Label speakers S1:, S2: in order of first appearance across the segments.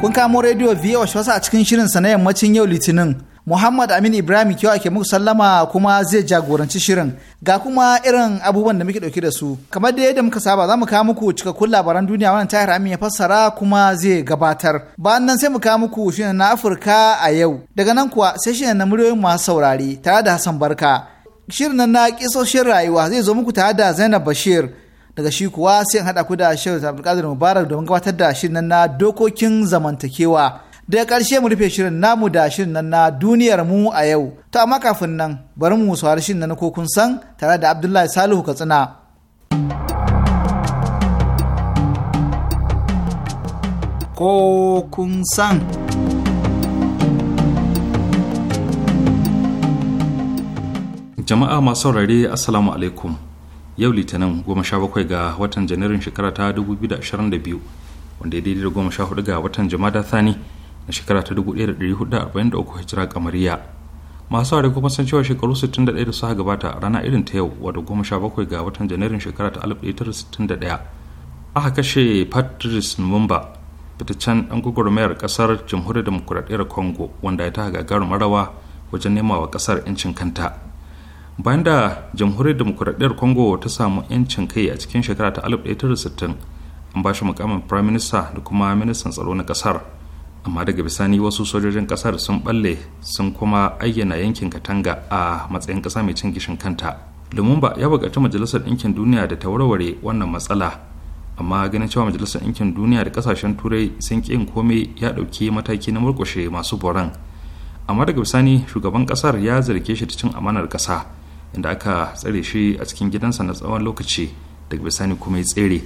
S1: Kun kamo rediyo biyu wasu a cikin shirin sa na yammacin yau Litinin. Muhammad Amin Ibrahim kyau ake muku sallama kuma zai jagoranci shirin. Ga kuma irin abubuwan da muke dauke da su. Kamar da yadda muka saba za mu kawo muku cikakkun labaran duniya wannan tahir Amin ya fassara kuma zai gabatar. Bayan nan sai mu kawo muku shirin na Afirka a yau. Daga nan kuwa sai shirin na muryoyin masu saurare tare da Hassan Barka. Shirin na kisoshin rayuwa zai zo muku tare da Zainab Bashir. daga shi kuwa sai hada ku da Shehu Abdulkadir Mubarak domin gabatar da shirin nan na dokokin zamantakewa. Daga ƙarshe mu rufe shirin namu da shirin nan na duniyar mu a yau. To amma kafin nan bari mu saurari shirin nan ko kun san tare da Abdullahi Salihu Katsina. Ko kun san.
S2: Jama'a masu saurare Assalamu alaikum. yau litinin 17 ga watan janairun shekara ta 2022 wanda ya daidai da 14 ga watan jama'a thani na shekara ta 1443 hijira kamariya masu ware kuma san cewa shekaru 61 da suka gabata rana irin ta yau wadda 17 ga watan janairun shekara ta 1961 aka kashe patrice numumba fitaccen dan gwagwarmayar kasar jamhuriyar demokuraɗiyyar congo wanda ya ta gagarumar rawa wajen nema wa kasar 'yancin kanta bayan da jamhuriyar demokuraɗiyar congo ta samu 'yancin kai a cikin shekara ta 1960 an ba shi mukamin prime minister da kuma ministan tsaro na ƙasar amma daga bisani wasu sojojin ƙasar sun balle sun kuma ayyana yankin katanga a matsayin ƙasa mai cin gishin kanta lumumba ya buƙaci majalisar ɗinkin duniya da ta warware wannan matsala amma ganin cewa majalisar ɗinkin duniya da ƙasashen turai sun ƙi komai ya ɗauki mataki na murƙushe masu boran amma daga bisani shugaban ƙasar ya zarge shi ta cin amanar ƙasa inda aka tsare shi a cikin gidansa na tsawon lokaci daga bisani kuma ya tsere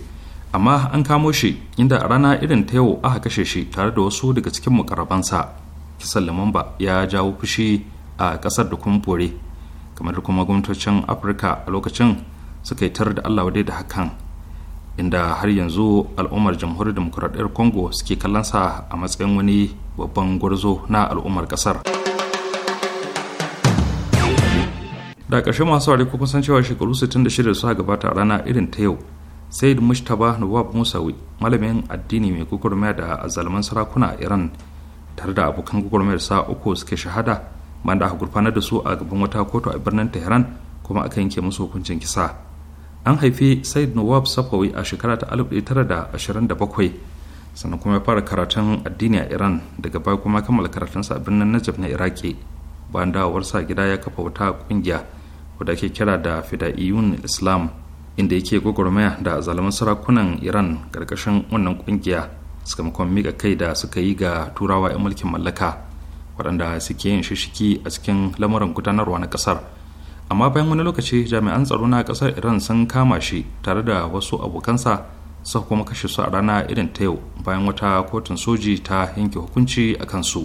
S2: amma an kamo shi inda a rana irin ta yau aka kashe shi tare da wasu daga cikin mukarabansa kisan lamamba ya jawo fushi a kasar da kuma bore kamar kuma gwamnatocin afirka a lokacin suka yi tar da allah wadai da hakan inda har yanzu al'ummar jamhuriyar demokuraɗiyar congo suke kallonsa a matsayin wani babban gwarzo na al'ummar kasar. da ƙarshe masu ware kuma san cewa shekaru 66 su gabata a rana irin ta yau said mustapha nawab musawi malamin addini mai gwagwarmaya da azalman sarakuna a iran tare da abokan gwagwarmayar sa uku suke shahada banda aka gurfanar da su a gaban wata kotu a birnin tehran kuma aka yanke musu hukuncin kisa an haifi said nawab safawi a shekara ta 1927 sannan kuma ya fara karatun addini a iran daga baya kuma kammala karatunsa a birnin najaf na iraki bayan dawowarsa gida ya kafa wata kungiya wadda ake kira da fida'iyun islam inda yake gwagwarmaya da zalaman sarakunan iran karkashin wannan kungiya sakamakon mika kai da suka yi ga turawa 'yan mulkin mallaka waɗanda suke yin shishiki a cikin lamuran gudanarwa na ƙasar amma bayan wani lokaci jami'an tsaro na ƙasar iran sun kama shi tare da wasu abokansa suka kuma kashe su a rana irin ta yau bayan wata kotun soji ta yanke hukunci a kansu.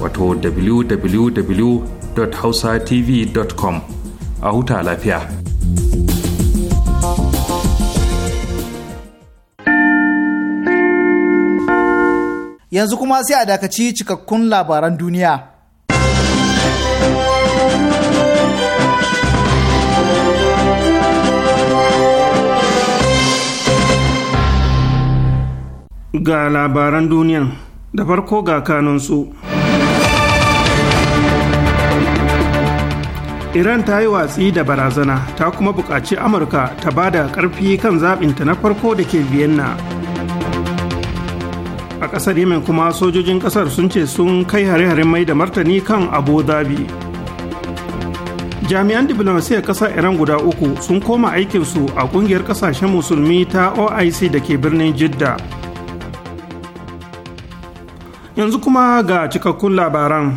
S2: wato www.hausatv.com a huta lafiya.
S1: Yanzu kuma sai a dakaci cikakkun labaran duniya.
S3: Ga labaran duniyan da farko ga kanunsu. su. iran ta yi watsi da barazana ta kuma buƙaci amurka ta ba da ƙarfi kan zaɓinta na farko da ke vienna a ƙasar yemen kuma sojojin ƙasar sun ce sun kai hare-haren mai da martani kan abu dhabi jami'an diplomasiyar ƙasa iran guda uku sun koma aikinsu a ƙungiyar ƙasashen musulmi ta oic da ke birnin jidda yanzu kuma ga cikakkun labaran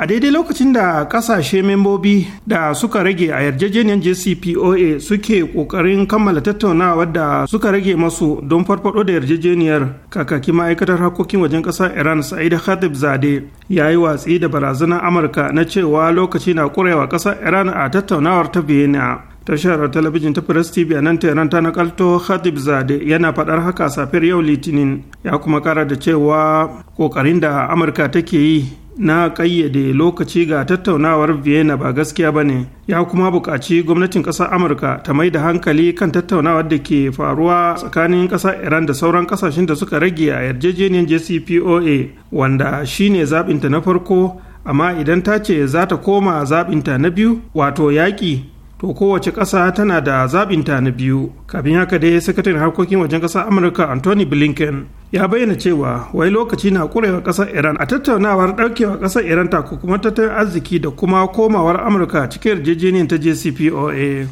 S3: a daidai lokacin da kasashe membobi da suka rage a yarjejeniyar jcpoa suke kokarin kammala tattaunawar da suka rage masu don farfado da yarjejeniyar kakaki ma'aikatar harkokin wajen ƙasar iran sa'id khatib zade ya yi watsi da barazanar amurka na cewa lokaci na kurewa ƙasar iran a tattaunawar ta vienna tashar talabijin ta press tv a nan tehran ta nakalto khatib zade yana faɗar haka safiyar yau litinin ya kuma kara da cewa kokarin da amurka take yi na kayyade lokaci ga tattaunawar vienna ba gaskiya ba ne ya kuma buƙaci gwamnatin ƙasar amurka ta mai da hankali kan tattaunawar da ke faruwa tsakanin ƙasar iran da sauran ƙasashen da suka rage a yarjejeniyar jcpoa wanda shine zaɓinta na farko amma idan ta ce za ta koma zaɓinta na biyu wato yaƙi to kowace ƙasa tana da zaɓinta na biyu kafin haka dai sakataren harkokin wajen ƙasar amurka anthony blinken ya bayyana cewa wai lokaci na ƙurewa ƙasar iran a tattaunawar ɗaukewa ƙasar iran ta kuma tattalin arziki da kuma komawar amurka cikin yarjejeniyar ta jcpoa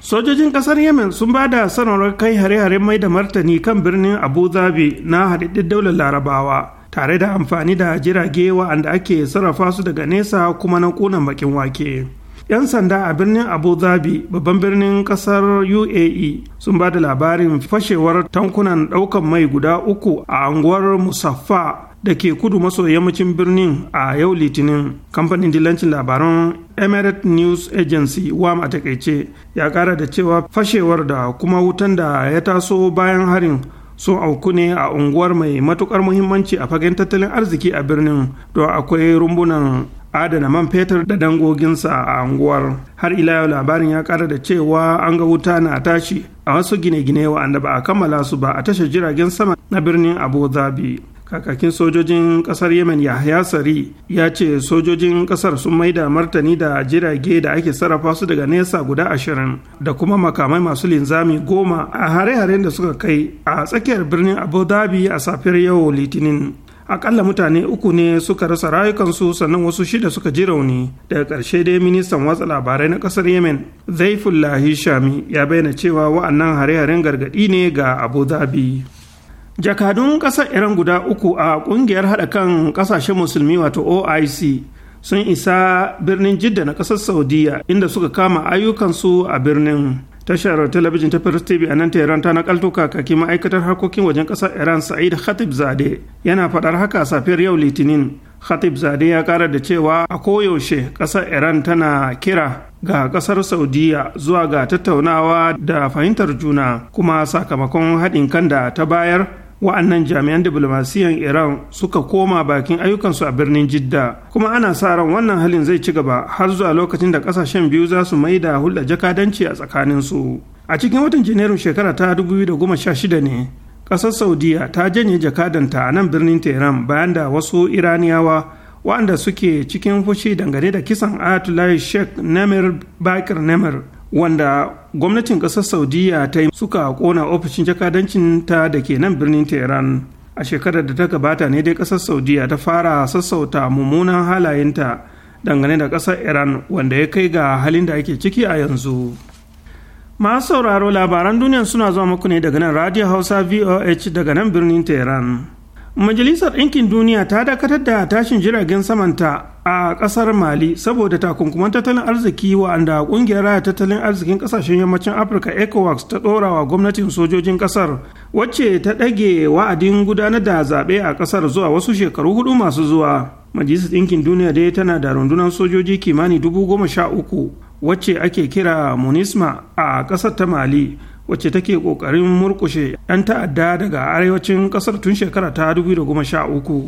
S3: sojojin ƙasar yemen sun ba da sanarwar kai hare-hare mai da martani kan birnin abu zabi na haɗaɗɗen daular larabawa tare da amfani da jirage wa'anda ake sarrafa su daga nesa kuma na ƙunan bakin wake 'yan sanda a birnin abu dhabi babban birnin kasar uae sun ba da labarin fashewar tankunan daukan mai guda uku a anguwar musaffa da ke kudu maso yammacin birnin a yau litinin kamfanin dilancin labaran emirate news agency wam a takaice ya kara da cewa fashewar da kuma wutan da ya taso bayan harin sun auku ne a unguwar mai matukar muhimmanci a fagen tattalin arziki a birnin don akwai rumbunan adana man fetur da dangoginsa a anguwar har ila yau labarin ya kara da cewa an ga wuta na tashi a wasu gine-gine wa'anda ba a kammala su ba a tashar jiragen sama na birnin abu zabi kakakin sojojin kasar yemen yahya sari ya ce sojojin kasar sun maida martani da jirage da ake sarrafa su daga nesa guda ashirin da kuma makamai masu linzami goma a hare-haren da suka kai a tsakiyar birnin abu dhabi a safiyar yau litinin akalla mutane uku ne suka rasa rayukansu sannan wasu shida suka ji rauni daga ƙarshe dai ministan watsa labarai na ƙasar yemen zaifullahi shami ya bayyana cewa wa'annan hare-haren gargaɗi ne ga abu dhabi jakadun ƙasar iran guda uku a ƙungiyar haɗa kan ƙasashen musulmi wato oic sun isa birnin jidda na ƙasar saudiya inda suka kama ayyukansu a birnin tashar talabijin ta First TV a nan Tehran ta kalto kakaki ma'aikatar harkokin wajen ƙasar Iran Sa'id Khatib Zade yana faɗar haka safiyar yau Litinin. Khatib Zade ya kara da cewa a koyaushe ƙasar Iran tana kira ga ƙasar Saudiya zuwa ga tattaunawa da fahimtar juna kuma sakamakon haɗin kan da ta bayar wa'annan jami'an diplomasiyan iran suka koma bakin ayyukansu a birnin jidda kuma ana sa ran wannan halin zai ci gaba har zuwa lokacin da kasashen biyu za su mai da hulɗa jakadanci a tsakaninsu a cikin watan janairun shekara ta 2016 ne ƙasar saudiya ta janye jakadanta a nan birnin tehran bayan da wasu iraniyawa wa'anda suke cikin fushi dangane da kisan ayatollah sheikh namir bakir namir wanda gwamnatin ƙasar saudiya ta yi suka kona ofishin jakadancin ta da ke nan birnin tehran a shekarar da ta gabata ne dai ƙasar saudiya ta fara sassauta mummunan halayenta dangane da ƙasar iran wanda ya kai ga halin da ake ciki a yanzu masu sauraro labaran duniya suna zuwa muku ne daga nan radio hausa voh daga nan birnin tehran majalisar ɗinkin duniya ta dakatar da tashin jiragen samanta a ƙasar mali saboda takunkuman tattalin arziki wa'anda ƙungiyar raya tattalin arzikin ƙasashen yammacin afirka ecowas ta ɗora wa gwamnatin sojojin ƙasar wacce ta ɗage wa'adin gudanar da zaɓe a ƙasar zuwa wasu shekaru hudu masu zuwa majalisar ɗinkin duniya dai tana da rundunar sojoji kimanin dubu goma sha uku wacce ake kira munisma a ƙasar ta mali wacce take kokarin murkushe 'yan ta'adda daga arewacin kasar tun shekara ta 2013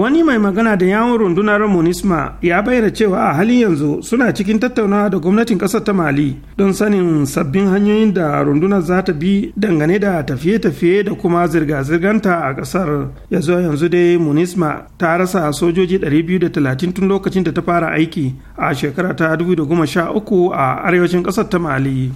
S3: wani mai magana da yawon rundunar monisma ya bayyana cewa a halin yanzu suna cikin tattaunawa da gwamnatin kasar ta mali don sanin sabbin hanyoyin da rundunar za ta bi dangane da tafiye-tafiye da kuma zirga-zirganta a kasar ya zo yanzu dai monisma ta rasa sojoji 230 tun lokacin da ta fara aiki a shekara ta 2013 a arewacin kasar ta mali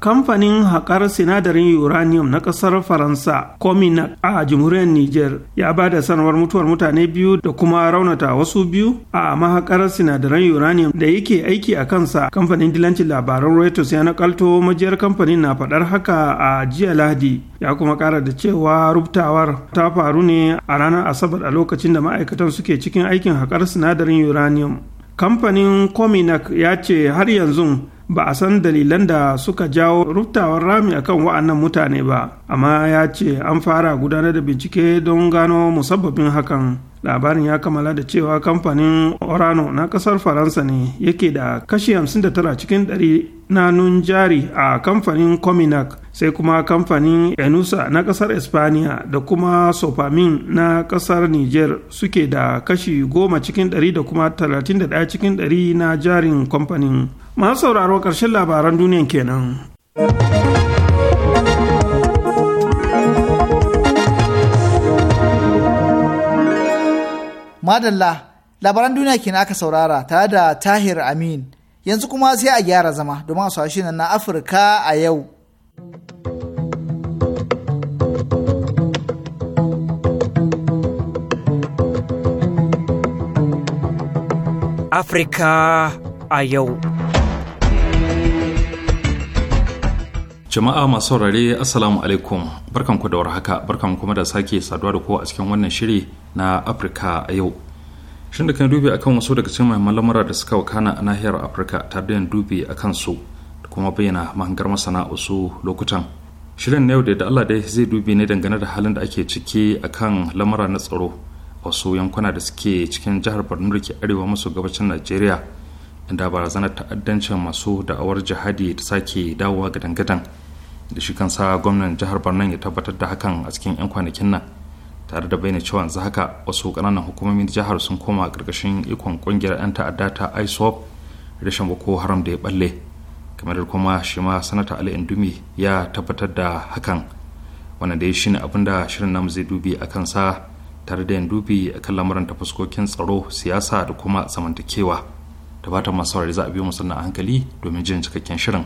S3: kamfanin haƙar sinadarin uranium na ƙasar faransa cominac a jamhuriyar niger ya ba da sanarwar mutuwar mutane biyu da kuma raunata wasu biyu a mahaƙar sinadaran uranium da yake aiki a kansa kamfanin dilancin labaran reuters ya nakalto majiyar kamfanin na faɗar haka a jiya lahadi ya kuma ƙara da cewa rubtawar ta faru ne a ranar asabar a lokacin da ma'aikatan suke cikin aikin haƙar sinadarin uranium kamfanin cominac ya ce har yanzu ba a san dalilan da suka jawo ruftawar rami akan wa'annan mutane ba amma ya ce an fara gudanar da bincike don gano musabbabin hakan labarin ya kammala da cewa kamfanin orano na kasar faransa ne yake da kashi 59 cikin 100 na nun jari a kamfanin cominac sai kuma kamfanin enusa na kasar espaniya da kuma sofamin na kasar niger suke da kashi goma cikin 100 da kuma 31 cikin ɗari na jarin kamfanin masu sauraro karshen labaran duniyan
S1: kenan madalla labaran duniya kenan aka saurara tare da tahir amin yanzu kuma sai a gyara zama domin a na afirka a yau
S4: Afirka a yau.
S2: Jama'a masu saurare Assalamu alaikum barkanku da warhaka barkan kuma da sake saduwa da kowa a cikin wannan shiri na Afirka a yau. Shin da kan dubi akan wasu daga cikin mahimman lamura da suka wakana a nahiyar Afirka ta da dubi a kansu da kuma bayyana mahangar masana wasu lokutan. Shirin na yau da Allah dai zai dubi ne dangane da halin da ake ciki akan lamura na tsaro wasu yankuna da suke cikin jihar borno da ke arewa maso gabacin najeriya inda barazanar ta'addancin masu da'awar jihadi ta sake dawowa ga dangadan da shi kan sa gwamnan jihar borno ya tabbatar da hakan a cikin 'yan kwanakin nan tare da bayyana cewa yanzu haka wasu kananan hukumomin jihar sun koma karkashin ikon kungiyar 'yan ta'adda ta ISOP rashin boko haram da ya balle kamar kuma shi ma sanata ali indumi ya tabbatar da hakan wannan da ya shine abinda shirin namu zai dubi a kansa tare da yin dubi a kan lamuran ta fuskokin tsaro siyasa da kuma zamantakewa da fatan masu saurari za a biyo musu a hankali domin jin cikakken shirin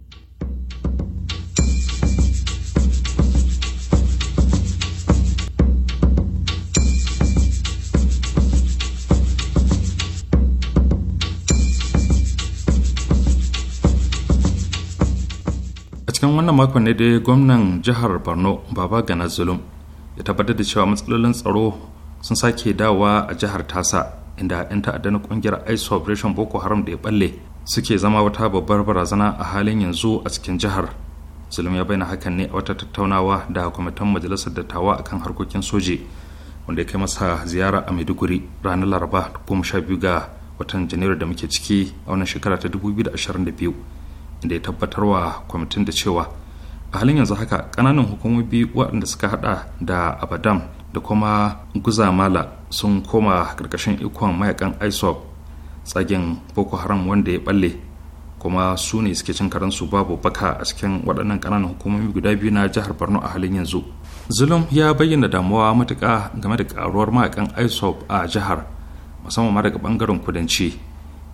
S2: a cikin wannan makon ne dai gwamnan jihar borno baba gana zulum ya tabbatar da cewa matsalolin tsaro sun sake dawowa a jihar tasa inda 'yan ta'adda na kungiyar ice operation boko haram da ya balle suke zama wata babbar barazana a halin yanzu a cikin jihar zulum ya bayyana hakan ne a wata tattaunawa da kwamitin majalisar dattawa akan harkokin soji wanda ya kai masa ziyara a maiduguri ranar laraba goma sha biyu ga watan janairu da muke ciki a wannan shekara ta 2022 inda ya tabbatar wa kwamitin da cewa a halin yanzu haka kananan hukumomi waɗanda suka haɗa da abadam da kuma guzamala sun koma karkashin ikon mayakan isop tsagen boko haram wanda ya balle kuma su ne suke cin karansu babu baka a cikin waɗannan ƙananan hukumomi guda biyu na jihar borno a halin yanzu zulum ya bayyana damuwa matuka game da ƙaruwar mayakan isop a jihar musamman ma daga ɓangaren kudanci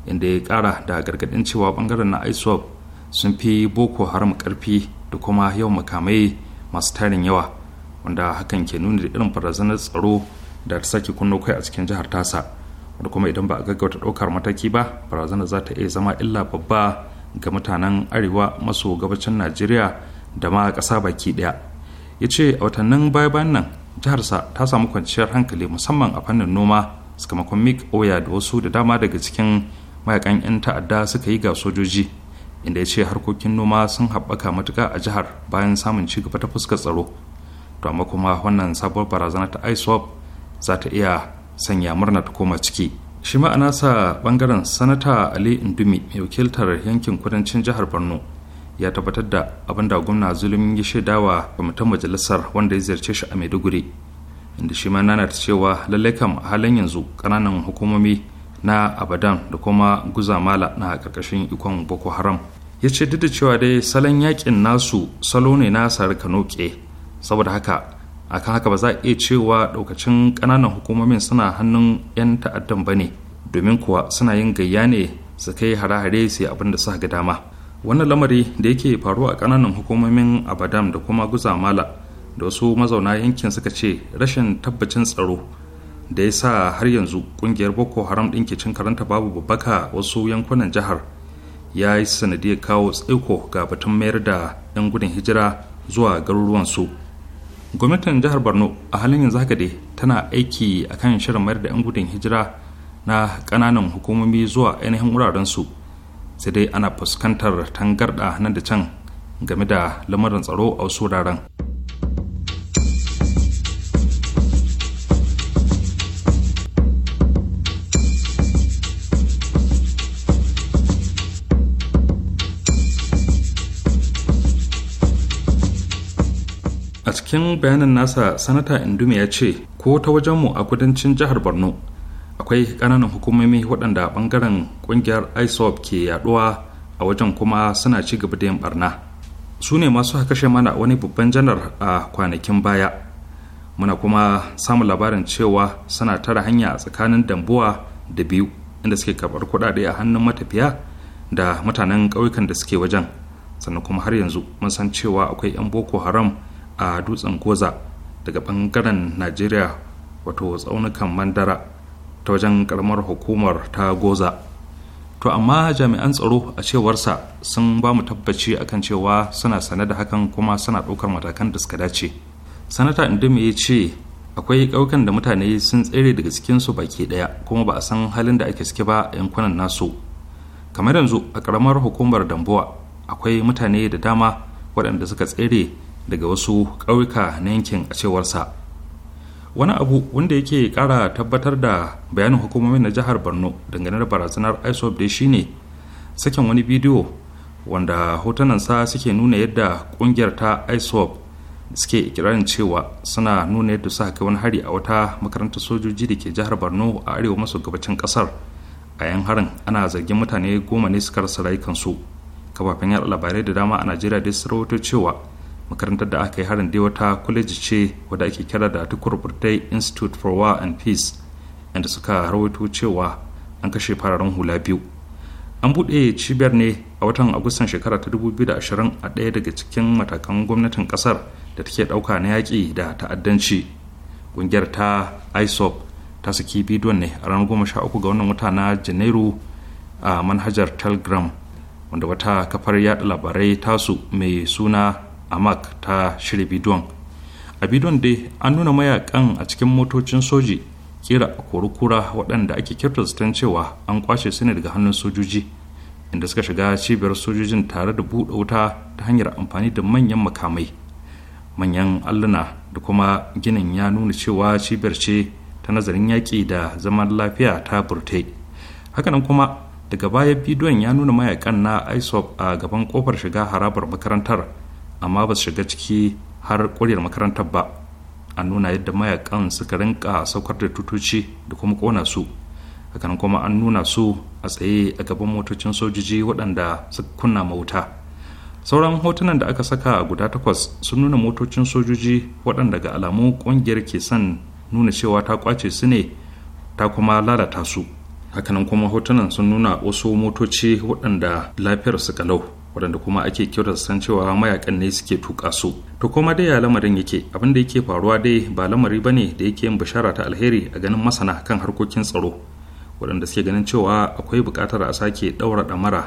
S2: inda ya ƙara da gargaɗin cewa ɓangaren na isop sun fi boko haram ƙarfi da kuma yawan makamai masu tarin yawa wanda hakan ke nuni da irin barazanar tsaro da ta sake kunno kai a cikin jihar tasa wanda kuma idan ba a gaggauta ɗaukar mataki ba barazanar za ta iya zama illa babba ga mutanen arewa maso gabacin najeriya da ma ƙasa baki ɗaya ya ce a watannin baya bayan nan jiharsa ta samu kwanciyar hankali musamman a fannin noma sakamakon mik oya da wasu da dama daga cikin mayakan 'yan ta'adda suka yi ga sojoji inda ya ce harkokin noma sun haɓaka matuka a jihar bayan samun ci gaba ta fuskar tsaro to amma kuma wannan sabuwar barazana ta iswap za ta iya sanya murna ta koma ciki shi ma'ana sa bangaren sanata ali indumi mai wakiltar yankin kudancin jihar borno ya tabbatar da abin da gwamna zulumin ya shaidawa kwamitin majalisar wanda ya ziyarce shi a maiduguri inda shi ma nana cewa lallai kam a halin yanzu kananan hukumomi na abadan da kuma guzamala na karkashin ikon boko haram ya ce duk da cewa dai salon yakin nasu salo ne na kanoke saboda haka a kan haka ba za a iya cewa daukacin ƙananan hukumomin suna hannun 'yan ta'addan ba ne domin kuwa suna yin gayya ne su kai hare-hare su yi abin da suka ga dama wannan lamari da yake faruwa a ƙananan hukumomin abadam da kuma guzamala da wasu mazauna yankin suka ce rashin tabbacin tsaro da ya sa har yanzu kungiyar boko haram ɗin cin karanta babu babbaka wasu yankunan jihar ya yi sanadiyar kawo tsaiko ga batun mayar da 'yan gudun hijira zuwa garuruwansu gwamnatin jihar borno a halin yanzu haka dai tana aiki akan shirin mayar da 'yan gudun hijira na kananan hukumomi zuwa ainihin wurarensu sai dai ana fuskantar tangarɗa nan da can game da lamarin tsaro a wasu wuraren. cikin bayanin nasa sanata indume ya ce ko ta wajenmu a kudancin jihar borno akwai ƙananan hukumomi waɗanda ɓangaren ƙungiyar isop ke yaɗuwa a wajen kuma suna ci gaba da yin barna su ne masu kashe mana wani babban janar a kwanakin baya muna kuma samun labarin cewa suna tara hanya a tsakanin dambuwa da biyu inda suke karɓar kuɗaɗe a hannun matafiya da mutanen ƙauyukan da suke wajen sannan kuma har yanzu mun san cewa akwai 'yan boko haram a dutsen goza daga bangaren najeriya wato tsaunukan mandara ta wajen karamar hukumar ta goza to amma jami'an tsaro a cewarsa sun ba mu tabbaci akan cewa suna sane da hakan kuma suna ɗaukar matakan da suka dace sanata indimi ya ce akwai ƙaukan da mutane sun tsere daga cikinsu baki ɗaya kuma ba a san halin da ake suke ba a yankunan nasu kamar yanzu a ƙaramar hukumar dambuwa akwai mutane da dama waɗanda suka tsere daga wasu ƙauyuka na yankin a cewarsa wani abu wanda yake ƙara tabbatar da bayanin hukumomin na jihar borno dangane da barazanar isop dai shine sakin wani bidiyo wanda sa suke nuna yadda ƙungiyar ta isop suke ikirarin cewa suna nuna yadda suka kai wani hari a wata makarantar sojoji da ke jihar borno a arewa maso gabacin kasar a yan harin ana zargin mutane goma ne suka rasa rayukansu kafafen yaɗa labarai da dama a najeriya dai su cewa makarantar da aka yi harin dai wata kwaleji ce wadda ake kira da tukur burtai institute for war and peace inda suka rawaito cewa an kashe fararen hula biyu an buɗe cibiyar ne a watan agustan shekara ta 2020 a ɗaya daga cikin matakan gwamnatin ƙasar da take ɗauka na yaƙi da ta'addanci ƙungiyar ta isop ta saki bidiyon ne a ranar 13 ga wannan wata na janairu a manhajar telegram wanda wata kafar yaɗa labarai tasu mai suna a amak ta shirya bidiyon a bidiyon dai an nuna mayakan a cikin motocin soji kera kura waɗanda ake kirtastan cewa an kwashe su ne daga hannun sojoji inda suka shiga cibiyar sojojin tare da buɗe wuta ta hanyar amfani da manyan makamai manyan alluna da kuma ginin ya nuna cewa cibiyar ce ta nazarin yaƙi da zaman lafiya ta burte hakanan kuma daga baya bidiyon ya nuna mayakan na isop a gaban kofar shiga harabar makarantar amma ba su shiga ciki har ƙwarewar makarantar ba a nuna yadda mayakan suka rinka saukar da tutoci da kuma ƙona su hakan kuma an nuna su a tsaye a gaban motocin sojoji waɗanda suka kunna mauta sauran hotunan da aka saka guda takwas sun nuna motocin sojoji waɗanda ga alamu ƙungiyar ke son nuna cewa ta kwace su ne ta kuma lalata su hakanan kuma hotunan sun nuna wasu motoci waɗanda lafiyar su kalau wadanda kuma ake kyauta san cewa mayakan ne suke tuƙa su to kuma dai ya lamarin yake abin da yake faruwa dai ba lamari bane da yake yin bishara ta alheri a ganin masana kan harkokin tsaro waɗanda suke ganin cewa akwai buƙatar a sake ɗaura ɗamara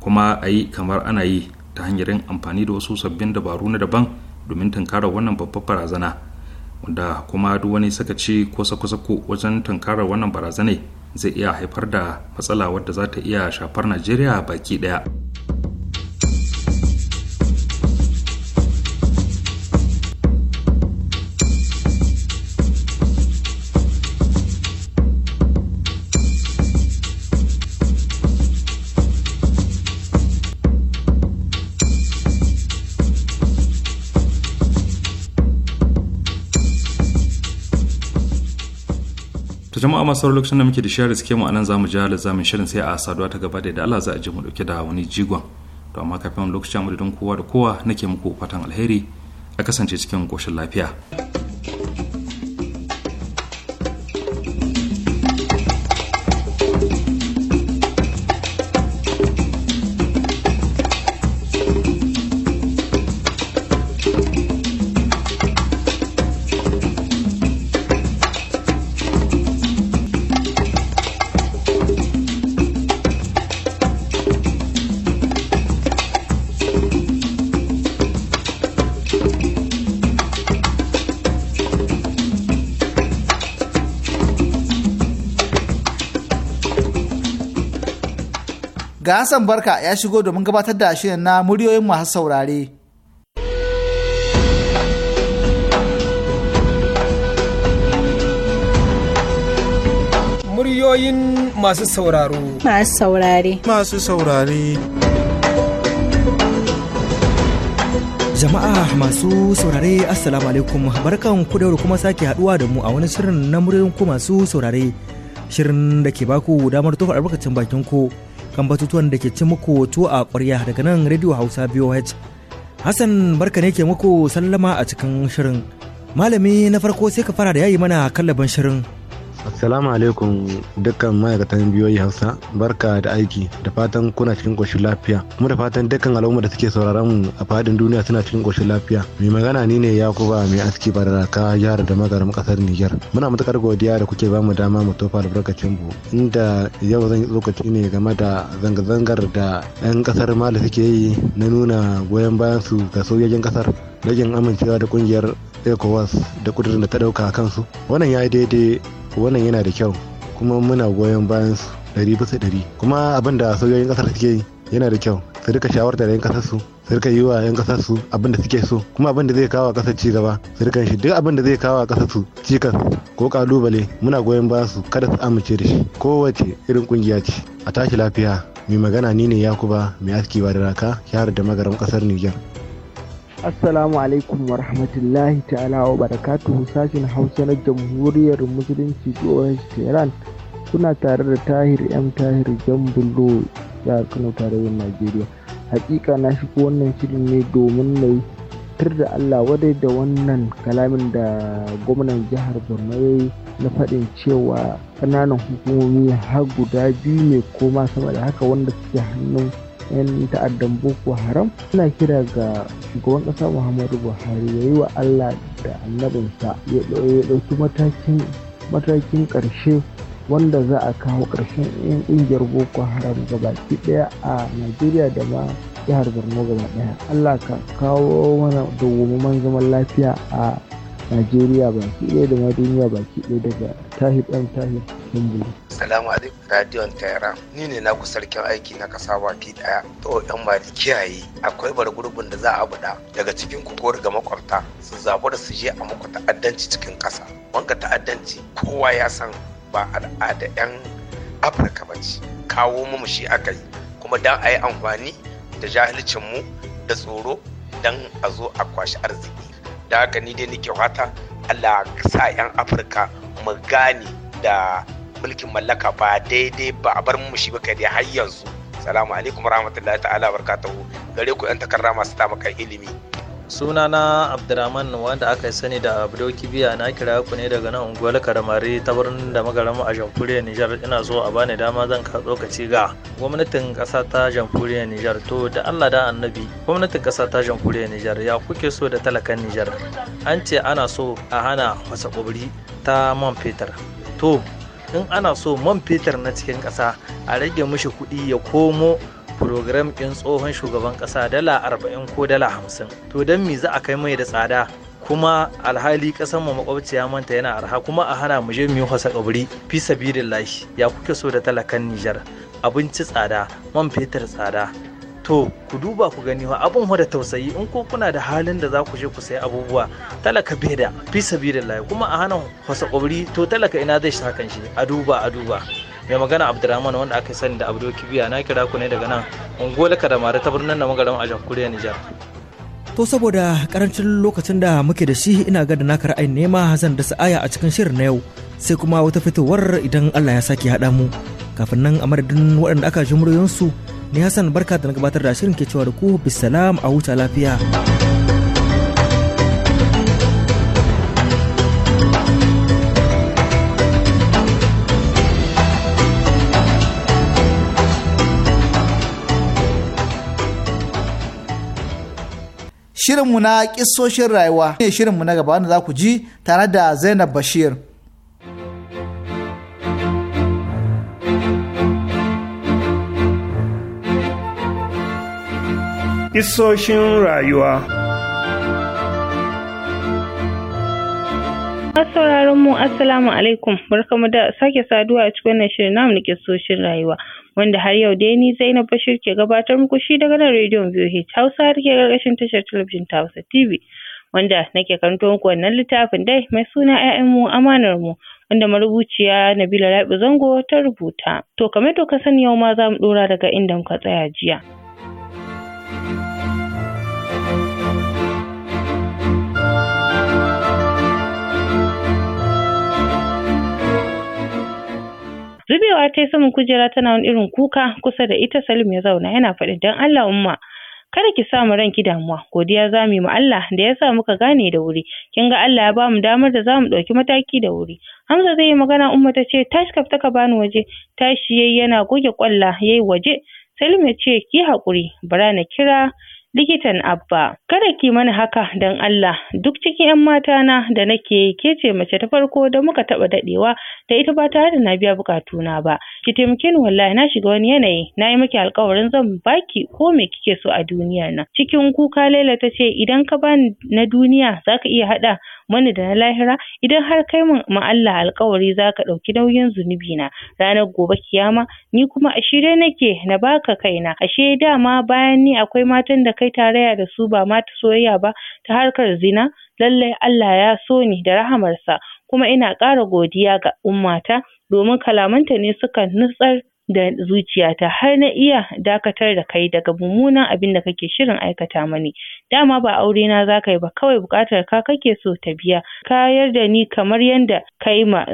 S2: kuma a yi kamar ana yi ta hanyar amfani da wasu sabbin dabaru na daban domin tunkarar wannan babbar barazana wanda kuma duk wani ci ko sako-sako wajen tunkarar wannan barazana zai iya haifar da matsala wadda za ta iya shafar najeriya baki ɗaya. jama'a masu lokacin da muke da da suke mu anan za mu ja zamin shirin sai a saduwa ta gaba da yadda Allah za a ji mu dauke da wani jigon to amma kafin lokacin mu da kowa da kowa nake muku fatan alheri a kasance cikin koshin lafiya.
S1: ga Hassan Barka ya shigo domin gabatar da shirin na muryoyin masu saurare.
S4: Muryoyin masu sauraro.
S5: Masu saurare. Masu saurare.
S4: Jama'a masu saurare Assalamu alaikum barkan ku da kuma sake haduwa da mu a wani shirin na muryoyin ku masu saurare. Shirin da ke baku damar tofa albarkacin bakin ku kan batutuwan da ke ci muku tuwo a ƙwarya daga nan Radio Hausa BOH. Hassan barka ne ke muku sallama a cikin shirin. Malami na farko sai ka fara da yayi mana kallabin shirin.
S6: Assalamu alaikum dukkan ma'aikatan biyoyi Hausa barka da aiki da fatan kuna cikin koshin lafiya kuma da fatan dukkan al'umma da suke sauraron mu a fadin duniya suna cikin koshin lafiya mai magana ni ne Yakuba mai aski bararaka yara da magaram kasar Niger muna matukar godiya da kuke bamu dama mu tofa albarkacin mu inda yau zan yi tsokaci ne game da zanga-zangar da 'yan kasar Mali suke yi na nuna goyon bayan su ga sojojin kasar ragin amincewa da kungiyar Ekowas da kudurin da ta dauka a kansu wannan ya yi daidai to wannan yana da kyau kuma muna goyon bayan su ɗari bisa ɗari kuma abin da sojojin ƙasar suke yi yana da kyau su rika shawarta 'yan kasar su su rika yi wa 'yan kasar su abin da suke so kuma abin da zai kawo ƙasar ci gaba su rika shi duk abin da zai kawo kasar su cikas ko kalubale muna goyon bayan su kada su amince da shi kowace irin kungiya ce a tashi lafiya mai magana ni ne yakuba mai aski ba da raka shahar da magaram kasar Nijar.
S7: Assalamu alaikum wa rahmatullahi ta'ala wa barakatuhu sashen Hausa na Jamhuriyar Musulunci OH Tehran kuna tare da Tahir M Tahir Jambulo jihar Kano tarayyar Najeriya. Hakika na shigo wannan shirin ne domin na yi da Allah wadai da wannan kalamin da gwamnan jihar Borno ya yi na faɗin cewa ƙananan hukumomi har guda biyu ne koma sama da haka wanda suke hannun 'yan ta'addan boko haram suna kira ga shugaban ƙasa muhammadu buhari ya yi wa allah da annabinsa ya ɗauki matakin ƙarshe wanda za a kawo ƙarshen 'yan ƙungiyar boko haram baki ɗaya a najeriya da ma jihar borno gaba ɗaya allah ka kawo mana man zaman lafiya a Najeriya baki ɗaya da ma duniya baki ɗaya daga Tahir Ɗan, Tahir Kumburi.
S4: Salamu alaikum radiyon Tehran ni ne na ku sarkin aiki na kasa baki ɗaya to yan mali kiyaye akwai bar gurbin da za a buɗa daga cikin ku ko daga makwabta su zaɓi da su je a muku ta'addanci cikin ƙasa wanka ta'addanci kowa ya san ba al'ada 'yan afirka ba ce kawo mu shi aka yi kuma dan a yi amfani da jahilcin mu da tsoro dan a zo a kwashi arziki da haka ni dai nake wata, allah sa 'yan afirka mu gane da mulkin mallaka ba daidai ba a bar mu shi ba kai har yanzu salamu alaikum rahmatullahi ta'ala barkatahu gare ku 'yan takarda masu tamakan
S8: ilimi sunana abdulrahman wanda aka sani da abdo kibiya na kira ku ne daga nan unguwar karamare ta birnin da magarama a jamhuriyar nijar ina so a bani dama zan ka tsokaci ga gwamnatin ƙasa ta jamhuriyar nijar to da allah da annabi gwamnatin ƙasa ta jamhuriyar nijar ya kuke so da talakan nijar an ce ana so a hana wasa kwabri ta man fetur to in ana so man fetur na cikin ƙasa a rage mishi kuɗi ya komo program ɗin tsohon shugaban ƙasa dala arba'in ko dala hamsin to don mi za a kai mai da tsada kuma alhali ƙasar mu makwabciya manta yana arha kuma a hana mu je mu yi hasa kaburi fi sabilillahi ya kuke so da talakan Nijar abinci tsada man fetur tsada to ku duba ku gani wa abin da tausayi in ko kuna da halin da za ku je ku sayi abubuwa talaka beda fi sabilillahi kuma a hana hasa kaburi to talaka ina zai sha kan shi a duba a duba mai magana abdulrahman wanda aka sani da abdul kibiya na kira ku ne daga nan unguwar kadamare ta birnin da magaram a jamhuriyar nijar
S4: To saboda karancin lokacin da muke da shi ina ga da naka ra'ayin nema zan da sa'aya a cikin shirin na yau sai kuma wata fitowar idan Allah ya sake haɗa mu. Kafin nan a madadin waɗanda aka ji muryoyinsu ne Hassan barka da na gabatar da shirin ke cewa da ku bisalam a huta lafiya.
S1: Shirinmu na ƙisoshin rayuwa ne shirinmu na gaba wanda za ku ji tare da Zainab Bashir.
S3: isoshin
S9: rayuwa sauraron
S5: mu assalamu alaikum barkamu da sake saduwa a cikin wannan shirin namu nake shin rayuwa wanda har yau dai ni Zainab Bashir ke gabatar muku shi daga nan rediyon VOH Hausa da ke gargashin tashar talabijin ta Hausa TV wanda nake karanto muku wannan littafin dai mai suna ƴaƴan mu amanar mu wanda marubuciya Nabila Rabi Zango ta rubuta to kamar to ka sani yau ma za mu ɗora daga inda muka tsaya jiya cewa ta yi saman kujera tana wani irin kuka kusa da ita Salim ya zauna yana faɗi don Allah umma kada ki sa mu ranki damuwa godiya za mu yi ma Allah da ya sa muka gane da wuri kin ga Allah ya ba mu damar da za mu ɗauki mataki da wuri Hamza zai yi magana umma ta ce tashi fita ka bani waje tashi yayi yana goge kwalla yayi waje Salim ya ce ki haƙuri bara na kira likitan abba kada ki mana haka dan Allah duk cikin yan mata na da nake ke ce mace ta farko da muka taba dadewa da ita ba tare da na biya na ba ki taimake ni wallahi na shiga wani yanayi na yi miki alkawarin zan baki ko me kike so a duniyar nan cikin kuka Laila ta ce idan ka bani na duniya zaka iya hada mani da na lahira idan har kai min ma Allah alkawari zaka ɗauki nauyin zunubi na ranar gobe kiyama ni kuma a shirye nake na baka kaina ashe dama bayan ni akwai matan da kai tarayya da su ba ma ta soyayya ba ta harkar zina lallai Allah ya so ni da rahamarsa kuma ina ƙara godiya ga ummata domin kalamanta ne suka nutsar da zuciya ta, har na iya dakatar da kai daga mummunan abin da kake shirin aikata mani dama ba aure na zaka yi ba kawai buƙatar ka kake so ta biya ka yarda ni kamar yadda kai ma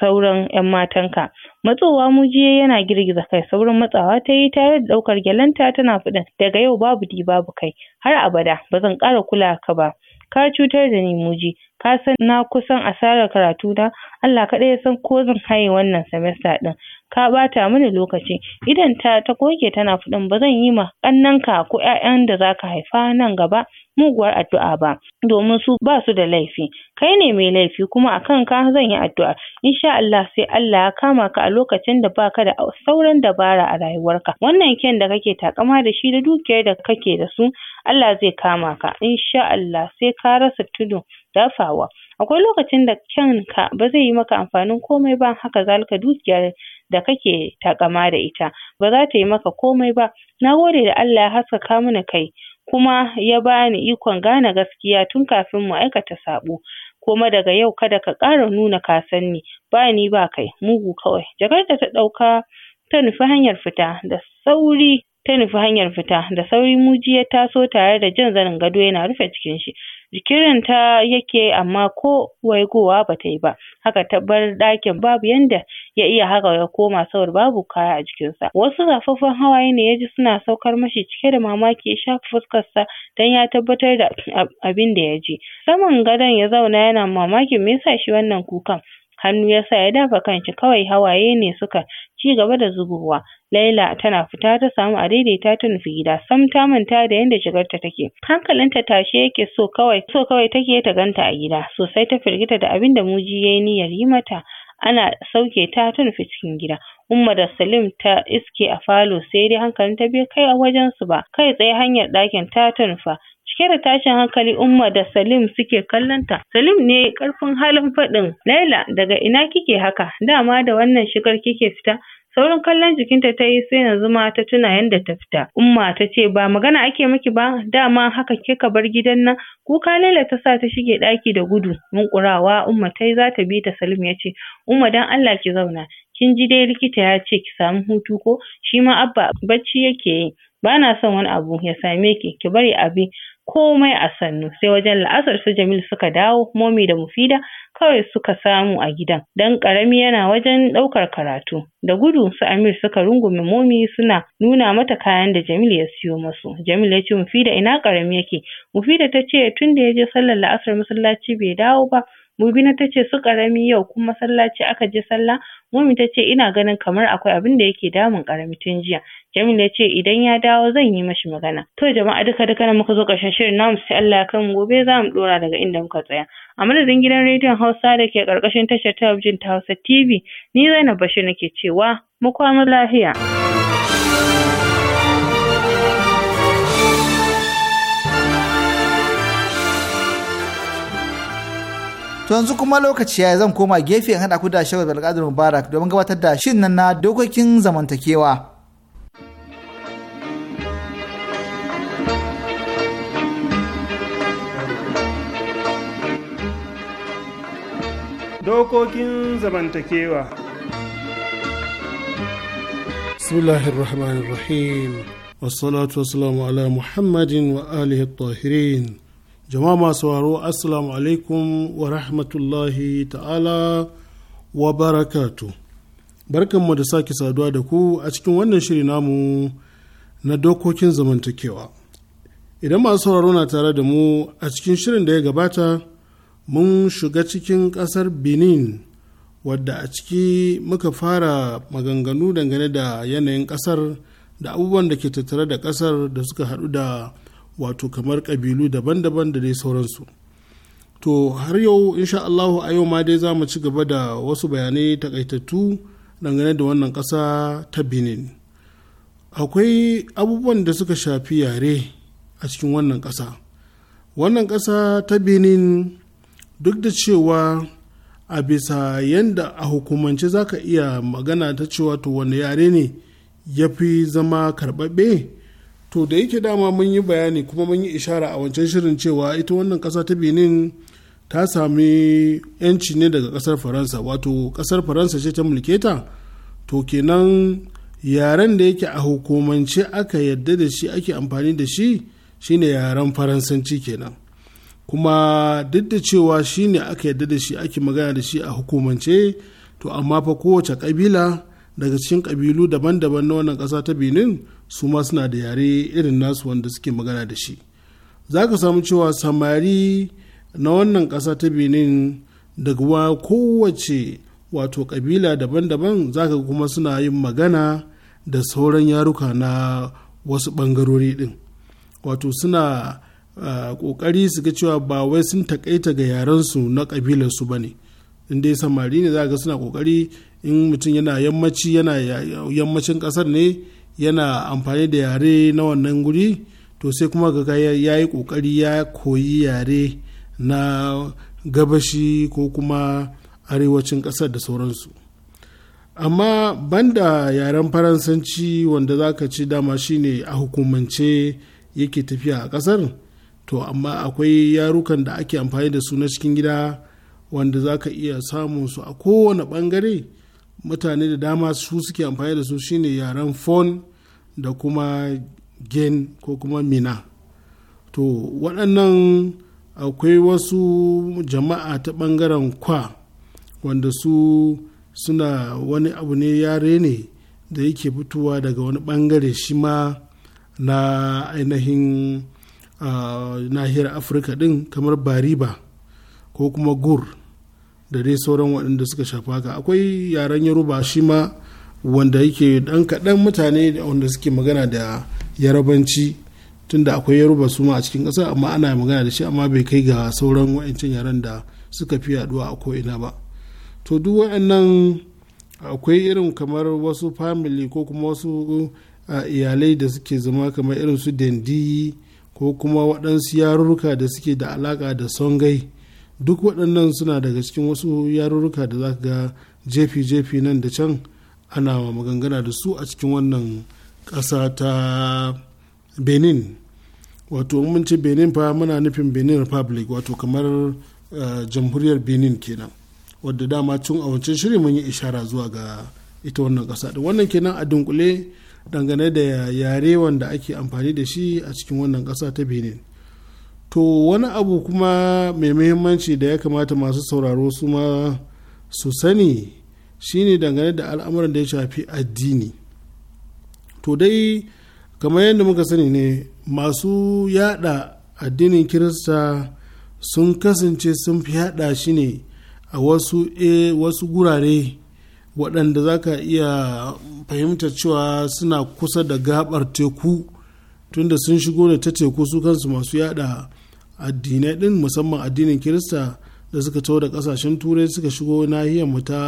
S5: sauran 'yan ka. matsowa mujiya yana girgiza kai saurin matsawa ta yi tare da ɗaukar gyalanta tana faɗin daga yau babu ɗi babu kai har abada ba zan ƙara kula ka ba ka cutar da ni muji ka san na kusan asarar karatu na Allah kaɗai ya san ko zan haye wannan semester ɗin ka bata mini lokaci idan ta ta goge tana fudin, ba zan yi ma kannanka ko ƴaƴan da zaka haifa nan gaba muguwar addu'a ba domin su ba su da laifi kai ne mai laifi kuma a ka zan yi addu'a insha Allah sai Allah ya kama ka a lokacin da baka da sauran dabara a rayuwarka wannan kyan da kake takama da shi da dukiyar da kake da su Allah zai kama ka insha Allah sai ka rasa tudu dafawa akwai lokacin da kyan ka ba zai yi maka amfanin komai ba haka zalika dukiyar da kake takama da ita ba za ta yi maka komai ba na gode da Allah ya haskaka mana kai kuma ya bani ikon gane gaskiya tun kafin mu aikata saɓo kuma daga yau kada ka ƙara nuna kasanni ba ni ba kai mugu kawai jakarta ta ɗauka ta nufi hanyar fita da sauri ta nufi hanyar fita da sauri muji ya taso tare da jan zanin gado yana rufe cikin shi ta yake amma ko waigowa bata yi ba haka ta bar ɗakin babu yanda ya iya haka ya koma saboda babu kaya a jikinsa wasu zafaffan hawaye ne ya ji suna saukar mashi cike da mamaki ya shafa fuskarsa don ya tabbatar da abin da ya ji saman gadon ya zauna yana mamakin me yasa shi wannan kukan hannu ya sa ya dafa kan shi. kawai hawaye ne suka ci gaba da zubowa Laila tana fita ta samu adaidaita ta nufi gida sam ta manta da yadda shigarta take hankalinta tashe yake so kawai so kawai take ta ganta a gida sosai ta firgita da abin da muji yayi niyyar yi mata ana sauke ta ta nufi cikin gida Umma da Salim ta iske a falo sai dai hankalin ta bai kai a wajen su ba kai tsaye hanyar ɗakin ta ta nufa cike da tashin hankali Umma da Salim suke kallon ta Salim ne karfin halin faɗin Laila daga ina kike haka dama da wannan shigar kike fita saurin kallon jikinta ta yi sai yanzu ma ta tuna yadda ta fita umma ta ba magana ake miki ba dama haka ke ka bar gidan nan kuka laila ta sa ta shige ɗaki da gudu munkurawa umma ta yi za ta bi ta salim ya ce umma dan allah ki zauna kin ji dai likita ya ce ki samu hutu ko shi ma abba bacci yake yi Bana na son wani abu ya same ki ki bari a komai a sannu sai wajen la'asar su Jamil suka dawo momi da mufida kawai suka samu a gidan dan karami yana wajen ɗaukar karatu da gudu su Amir suka rungume momi suna nuna mata kayan da Jamil ya siyo masu Jamil ya ce mufida ina karami yake mufida ta ce tun da ya je sallar la'asar masallaci bai dawo ba Mubina ta ce su ƙarami yau kun masallaci aka je sallah? Momi ta ce ina ganin kamar akwai abin da yake damun ƙarami tun jiya. Jamil ya ce idan ya dawo zan yi mashi magana. To jama'a duka duka nan muka zo ƙarshen shirin namu sai Allah ya kai mu gobe za mu ɗora daga inda muka tsaya. A madadin gidan rediyon Hausa da ke ƙarƙashin tashar talabijin ta Hausa TV ni Zainab Bashir nake cewa mu kwana lafiya.
S1: To yanzu kuma lokaci ya zan koma gefe in haɗa ku da Shehu Abdulkadir Mubarak domin gabatar da shin nan na dokokin zamantakewa.
S3: Dokokin zamantakewa
S10: Bismillahir Bismillahirrahmanirrahim. Wassalatu wassalamu ala Muhammadin wa alihi tahirin. jama'a masu waro assalamu alaikum wa rahmatullahi ta'ala wa barakatu barkanmu da sake saduwa da ku a cikin wannan shiri namu na dokokin zamantakewa idan masu sauraro na tare da mu a cikin shirin da ya gabata mun shiga cikin kasar benin wadda a ciki muka fara maganganu dangane da yanayin kasar da abubuwan da ke tattare da kasar da suka haɗu da wato kamar ƙabilu daban-daban da dai sauransu to har yau insha Allahu a yau ma dai za mu ci gaba da wasu bayanai takaitattu dangane da wannan ƙasa ta benin akwai abubuwan da suka shafi yare a cikin wannan ƙasa wannan ƙasa ta benin duk da cewa a bisa yadda a hukumance za ka iya magana ta cewa to wanda yare ne ya fi zama karɓaɓɓe to da yake dama mun yi bayani kuma mun yi ishara a wancan shirin cewa ita wannan kasa ta benin ta sami yanci ne daga kasar faransa wato kasar faransa ce ta mulke ta to kenan yaren da yake a hukumance aka yadda da shi ake amfani da shi shine yaren faransanci kenan kuma duk da cewa shine aka yadda da shi ake magana da shi a hukumance to amma fa kowace kabila daga cikin ƙabilu daban-daban na wannan kasa ta benin su ma suna da yare irin nasu wanda suke magana da shi za ka samu cewa samari na wannan ƙasa ta benin daga wa kowace wato kabila daban-daban za ka kuma suna yin magana da sauran yaruka na wasu ɓangarori ɗin wato suna ah, ƙoƙari su ga cewa ba wai sun takaita ga yarensu na ƙabilarsu ba ne in dai samari ne za ga suna ƙoƙari in mutum yana yammaci yana yammacin ƙasar ne yana amfani da yare na wannan guri to sai kuma ga ya yi kokari ya koyi yare na gabashi ko kuma arewacin ƙasar da sauransu amma banda yaren faransanci wanda za ka ci dama shine a hukumance yake tafiya a ƙasar to amma akwai yarukan da ake amfani da su na cikin gida wanda za ka iya samun su a kowane ɓangare mutane da dama su suke amfani da su shine yaren fon da kuma gen ko kuma mina to waɗannan akwai wasu jama'a ta ɓangaren kwa wanda su suna wani abu ne yare ne da yake fitowa daga wani ɓangare shi ma na ainihin nahiyar afirka ɗin kamar bariba ko kuma gur da dai sauran waɗanda suka shafa haka akwai yaren yaruba shi ma wanda yake dan kaɗan mutane wanda suke magana da yarabanci tunda akwai yaruba su ma a cikin ƙasa amma ana magana da shi amma bai kai ga sauran wa'ancan yaran da suka fi yaduwa a ko'ina ba to duk wa'annan akwai irin kamar wasu family ko kuma wasu iyalai da suke zama kamar irin su dendi ko kuma waɗansu yarurruka da suke da alaƙa da songai duk waɗannan suna daga cikin wasu yarurruka da za ga jefi-jefi nan da can ana magangana da su a cikin wannan ƙasa ta benin wato mun ce benin fa muna nufin benin republic wato kamar eh, jamhuriyar benin kenan wadda dama tun a wancan shirin mun yi ishara zuwa ga ita wannan ƙasa da wannan kenan a dunkule dangane da yare wanda ake amfani da shi a cikin wannan ƙasa ta benin to wani abu kuma mai muhimmanci da ya kamata masu sauraro su ma su sani shine dangane da al'amuran da ya shafi addini to dai kamar yadda muka sani ne masu yada addinin kirista sun kasance sun fi yada shi ne a wasu e, wasu gurare waɗanda za ka iya fahimtar cewa suna kusa da gabar teku tunda sun shigo da ta teku su kansu masu yada addinai din musamman addinin kirista da suka taho da kasashen turai suka shigo nahiyar mu ta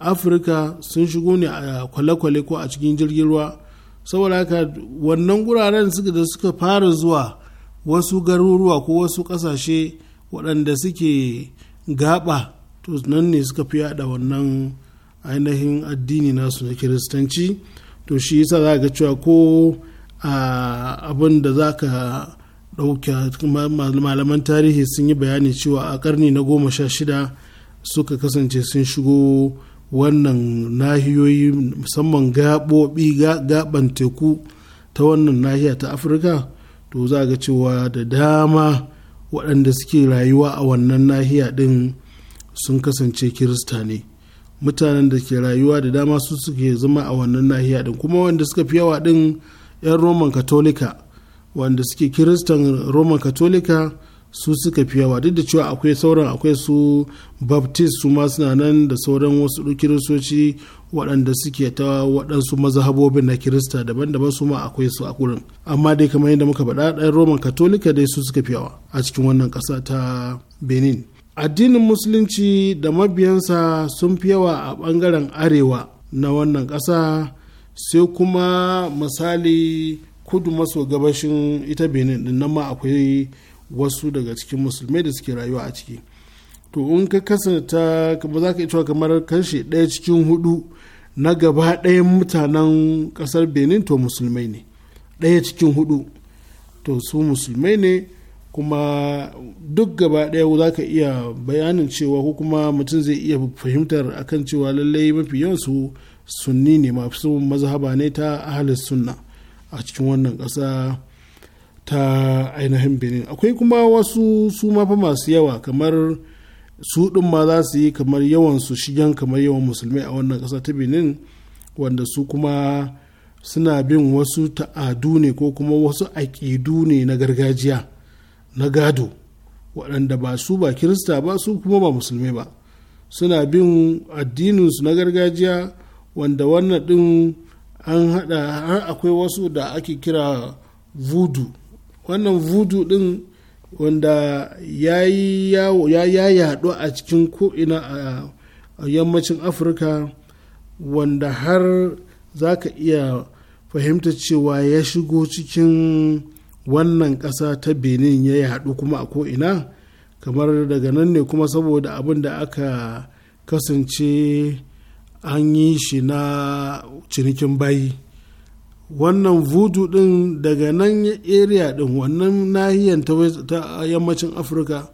S10: afirka sun shigo ne a kwale-kwale ko a cikin jirgin ruwa saboda haka wannan guraren suka da suka fara zuwa wasu garuruwa ko wasu ƙasashe waɗanda suke gaba to nan ne suka fi yada wannan ainihin addini nasu na kiristanci to shi yasa za ga cewa ko abin da za ka ɗauka malaman tarihi sun yi bayani cewa a ƙarni na goma sha shida suka kasance sun shigo wannan nahiyoyi musamman gaɓoɓi gaɓan teku ta wannan nahiya ta afirka to za ga cewa da dama waɗanda suke rayuwa a wannan nahiya ɗin sun kasance kirista ne mutanen da ke rayuwa da dama su suke zama a wannan nahiya ɗin kuma wanda suka fi yawa ɗin 'yan roman katolika wanda suke kiristan roman katolika su suka fi yawa duk da cewa akwai sauran akwai su baptist su ma suna nan da sauran wasu kiristoci waɗanda suke ta waɗansu mazhabobin na kirista daban-daban su ma akwai su a kurin amma dai kamar yadda muka faɗa ɗan roman katolika dai su suka fi yawa a cikin wannan ƙasa ta benin addinin musulunci da mabiyansa sun fi yawa a bangaren arewa na wannan ƙasa sai kuma misali kudu maso gabashin ita benin ɗin nan ma akwai wasu daga cikin musulmai da suke rayuwa a ciki to in ka kasanta ba za ka iya cewa kamar kashi ɗaya cikin hudu na gaba ɗayan mutanen ƙasar benin to musulmai ne ɗaya cikin hudu to su musulmai ne kuma duk gaba ɗaya za ka iya bayanin cewa ko kuma mutum zai iya fahimtar akan cewa lallai mafi yawansu sunni ne masu mazhaba ne ta ahalis sunna a cikin wannan ƙasa ta ainihin benin akwai kuma wasu su masu yawa kamar su ɗin ma za su yi kamar yawan su shigen kamar yawan musulmai a wannan ƙasa ta benin wanda su kuma suna bin wasu ta'adu ne ko kuma wasu aƙidu ne na gargajiya na gado waɗanda ba su ba kirista ba su kuma ba musulmai ba suna bin addininsu na gargajiya wanda wannan ɗin an haɗa har akwai wasu da ake kira voodoo wannan vudu din wanda ya yi yaɗo a cikin ko'ina a yammacin afirka wanda har za ka iya fahimta cewa ya shigo cikin wannan ƙasa ta benin ya haɗu kuma a ko'ina kamar daga nan ne kuma saboda abin da aka kasance an yi shi na cinikin bayi wannan vudu din daga nan area din wannan nahiyan ta yammacin afirka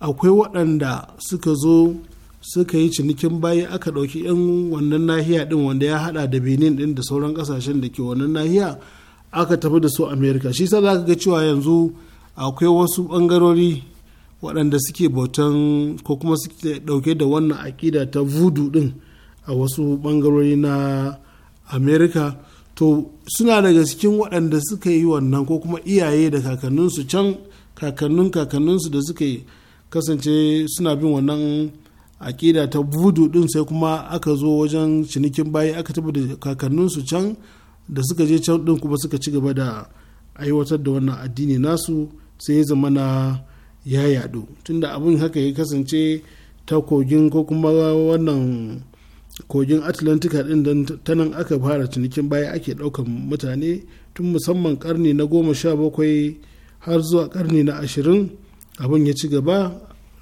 S10: akwai waɗanda suka zo suka yi cinikin bayi aka ɗauki 'yan wannan nahiya din wanda ya hada da benin din da sauran ƙasashen da ke wannan nahiya aka tafi da su america shi sa za ga cewa yanzu akwai wasu ɓangarori waɗanda suke bautan ko kuma suke ɗauke da wannan aƙida ta vudu din a wasu bangarori na america to suna daga cikin waɗanda suka yi wannan ko kuma iyaye da kakanninsu can kakannin kakanninsu da suka kasance suna bin wannan aƙida ta budu ɗin sai kuma aka zo wajen cinikin bayi aka tabbata da kakanninsu can da suka je can ɗin kuma suka ci gaba da aiwatar da wannan addini nasu sai ya zama na ya yaɗu tunda abin haka ya kasance ta kogin ko kuma wannan kogin atlantika din da ta nan aka fara cinikin baya ake daukan mutane tun musamman karni na goma sha bakwai har zuwa karni na ashirin abin ya ci gaba